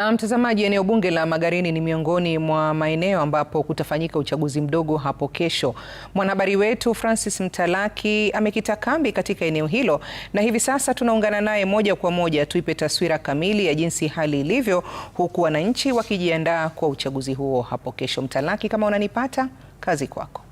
Na mtazamaji, eneo bunge la Magarini ni miongoni mwa maeneo ambapo kutafanyika uchaguzi mdogo hapo kesho. Mwanahabari wetu Francis Mtalaki amekita kambi katika eneo hilo na hivi sasa tunaungana naye moja kwa moja tuipe taswira kamili ya jinsi hali ilivyo, huku wananchi wakijiandaa kwa uchaguzi huo hapo kesho. Mtalaki, kama unanipata, kazi kwako.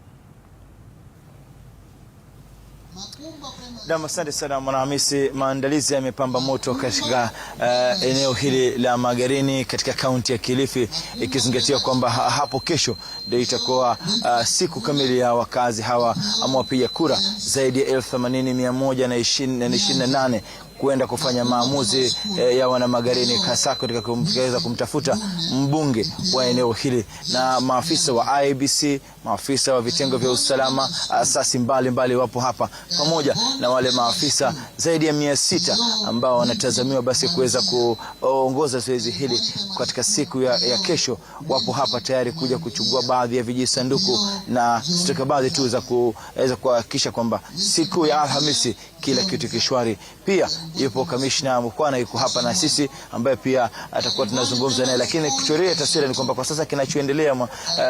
Nam, asante sana Mwanahamisi. Maandalizi yamepamba moto katika uh, eneo hili la Magarini katika kaunti ya Kilifi, ikizingatia kwamba hapo kesho ndio itakuwa uh, siku kamili ya wakazi hawa ama wapiga kura zaidi ya elfu themanini mia moja na ishirini na nane kuenda kufanya maamuzi eh, ya wanamagarini Kasako katika kumweza kumtafuta mbunge wa eneo hili, na maafisa wa ibc maafisa wa vitengo vya usalama, asasi mbalimbali wapo hapa pamoja na wale maafisa zaidi ya mia sita ambao wanatazamiwa basi kuweza kuongoza zoezi hili katika siku ya, ya kesho. Wapo hapa tayari kuja kuchukua baadhi ya vijisanduku na stakabadhi tu za kuweza kuhakikisha kwamba siku ya Alhamisi kila kitu kishwari pia yupo kamishna mkwana yuko hapa na sisi, ambaye pia atakuwa tunazungumza naye, lakini kuchorea taswira ni kwamba kwa sasa kinachoendelea eh,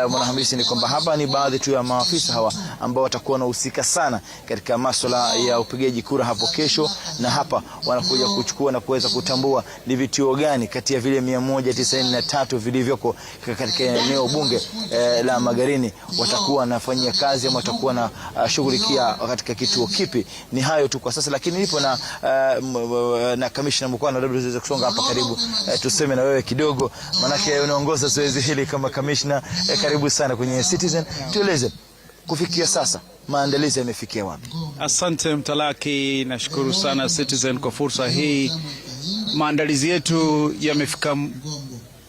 mwanahamisi ni kwamba hapa ni baadhi tu ya maafisa hawa ambao watakuwa wanahusika sana katika masuala ya upigaji kura hapo kesho, na hapa wanakuja kuchukua na kuweza kutambua ni vituo gani kati ya vile 193 vilivyoko katika eneo bunge eh, la Magarini watakuwa wanafanyia kazi ama watakuwa na uh, shughulikia katika kituo kipi. Ni hayo tu kwa sasa, lakini nipo na uh, na kamishna na labda tuweze kusonga hapa karibu, eh, tuseme na wewe kidogo, maanake unaongoza zoezi hili kama kamishna. Eh, karibu sana kwenye Citizen, tueleze kufikia sasa maandalizi yamefikia wapi? Asante Mtalaki, nashukuru sana Citizen kwa fursa hii. Maandalizi yetu yamefika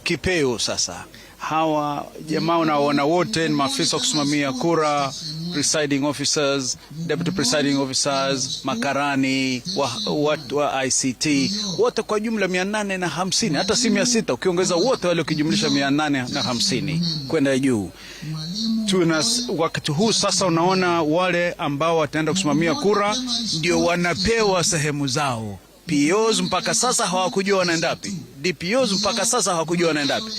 kipeo sasa. Hawa jamaa unaoona wote ni maafisa wa kusimamia kura presiding officers, deputy presiding officers, makarani wa, wa, wa ICT wote kwa jumla mia nane na hamsini, hata si mia sita ukiongeza wote wale ukijumlisha mia nane na hamsini kwenda juu. Tuna wakati huu sasa, unaona wale ambao wataenda kusimamia kura ndio wanapewa sehemu zao. POs mpaka sasa hawakujua wanaenda wapi. DPOs mpaka sasa hawakujua wanaenda wapi.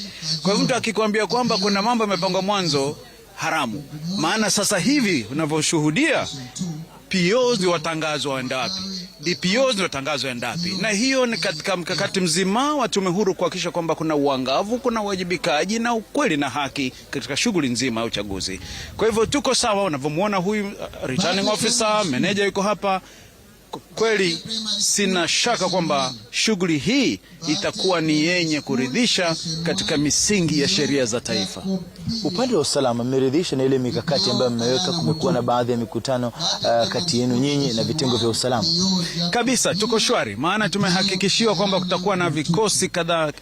Kwa hiyo mtu akikwambia kwamba kuna mambo yamepangwa mwanzo haramu. Maana sasa hivi unavyoshuhudia POs watangazwa ndapi, DPOs watangazwa wendapi, na hiyo ni katika mkakati mzima wa tume huru kuhakikisha kwamba kuna uangavu, kuna uwajibikaji na ukweli na haki katika shughuli nzima ya uchaguzi. Kwa hivyo tuko sawa, unavyomwona huyu uh, returning officer, meneja yuko hapa Kweli sina shaka kwamba shughuli hii itakuwa ni yenye kuridhisha katika misingi ya sheria za taifa. Upande wa usalama mmeridhisha na ile mikakati ambayo mmeweka? Kumekuwa na baadhi ya mikutano uh, kati yenu nyinyi na vitengo vya usalama? Kabisa, tuko shwari, maana tumehakikishiwa kwamba kutakuwa na vikosi kadhaa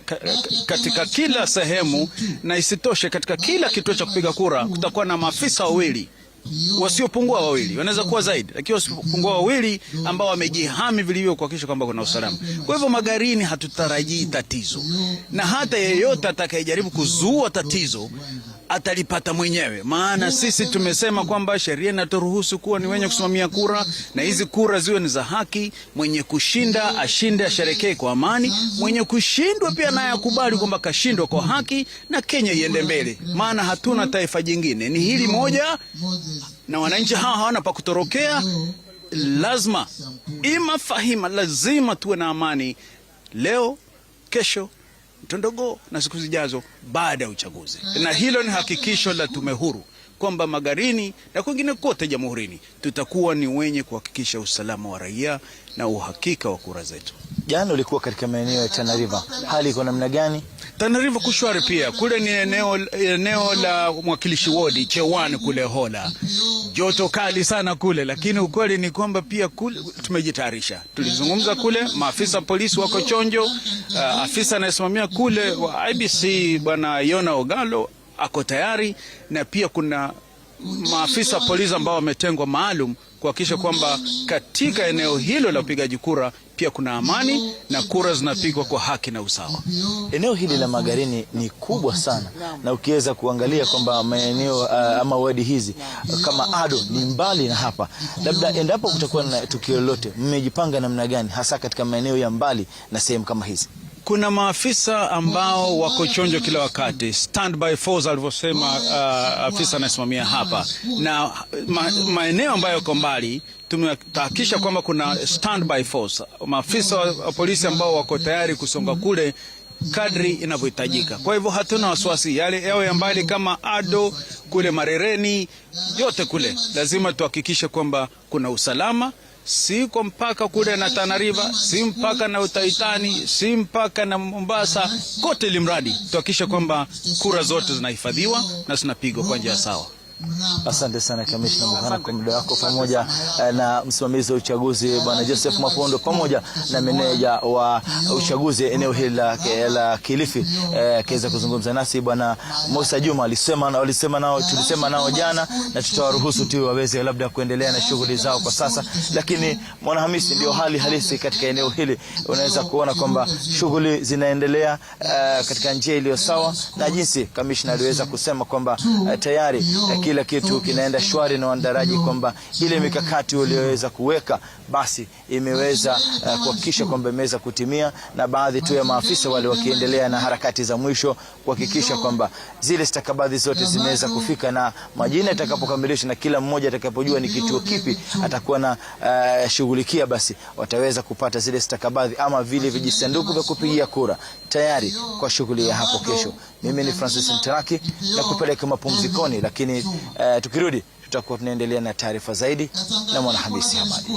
katika kila sehemu, na isitoshe katika kila kituo cha kupiga kura kutakuwa na maafisa wawili wasiopungua wawili, wanaweza kuwa zaidi, lakini wasiopungua wawili ambao wamejihami vilivyo kuhakikisha kwamba kuna usalama. Kwa hivyo magarini hatutarajii tatizo, na hata yeyote atakayejaribu kuzua tatizo atalipata mwenyewe, maana sisi tumesema kwamba sheria inaturuhusu kuwa ni wenye kusimamia kura, na hizi kura ziwe ni za haki. Mwenye kushinda ashinde, asherekee kwa amani. Mwenye kushindwa pia naye akubali kwamba kashindwa kwa haki, na Kenya iende mbele, maana hatuna taifa jingine, ni hili moja na wananchi hawa hawana pa kutorokea. Lazima ima fahima, lazima tuwe na amani leo, kesho, mtondogoo na siku zijazo baada ya uchaguzi, na hilo ni hakikisho la tume huru kwamba Magarini na kwingine kote jamhurini tutakuwa ni wenye kuhakikisha usalama wa raia na uhakika wa kura zetu. Jana ulikuwa katika maeneo ya Tana River, hali iko namna gani? Tana River kushwari pia, kule ni eneo, eneo la mwakilishi wodi Chewan kule Hola, joto kali sana kule, lakini ukweli ni kwamba pia kule tumejitayarisha. Tulizungumza kule, maafisa polisi wako chonjo. Uh, afisa anayesimamia kule wa IBC bwana Yona Ogalo ako tayari, na pia kuna maafisa wa polisi ambao wametengwa maalum kuhakikisha kwamba katika eneo hilo la upigaji kura pia kuna amani na kura zinapigwa kwa haki na usawa. Eneo hili la Magarini ni kubwa sana, na ukiweza kuangalia kwamba maeneo uh, ama wadi hizi kama Ado ni mbali na hapa. Labda endapo kutakuwa na tukio lolote, mmejipanga namna gani hasa katika maeneo ya mbali na sehemu kama hizi? kuna maafisa ambao wako chonjo kila wakati, standby force alivyosema uh, afisa anayesimamia hapa na ma, maeneo ambayo yako mbali tumetahakisha kwamba kuna standby force, maafisa wa polisi ambao wako tayari kusonga kule kadri inavyohitajika. Kwa hivyo hatuna wasiwasi, yale yao ya mbali kama Ado kule Marereni, yote kule lazima tuhakikishe kwamba kuna usalama siko mpaka kule na Tanariva, si mpaka na Utaitani, si mpaka na Mombasa, kote mradi tuhakikishe kwamba kura zote zinahifadhiwa na zinapigwa kwa njia sawa. Asante sana Kamishna Muhana kwa muda wako, pamoja eh, na msimamizi wa uchaguzi Bwana Joseph Mapondo, pamoja na meneja wa uchaguzi eneo hili la Kilifi eh, kiweza kuzungumza nasi. Bwana Musa Juma alisema na walisema nao, tulisema nao jana, na tutawaruhusu tu waweze labda kuendelea na shughuli zao kwa sasa, lakini Mwana Hamisi, ndio hali halisi katika eneo hili. Unaweza kuona kwamba shughuli zinaendelea eh, katika njia iliyo sawa na jinsi kamishna aliweza kusema kwamba eh, tayari eh, kila kitu kinaenda shwari na wandaraji kwamba ile mikakati ulioweza kuweka basi imeweza uh, kuhakikisha kwamba imeweza kutimia, na baadhi tu ya maafisa wale wakiendelea na harakati za mwisho kuhakikisha kwamba zile stakabadhi zote zimeweza kufika, na majina yatakapokamilishwa na kila mmoja atakapojua ni kituo kipi atakuwa na uh, shughulikia, basi wataweza kupata zile stakabadhi ama vile vijisanduku vya kupigia kura tayari kwa shughuli ya hapo kesho. Mimi ni Francis Mtaraki na kupeleka mapumzikoni, lakini Uh, tukirudi tutakuwa tunaendelea na taarifa zaidi na Mwanahamisi Hamadi.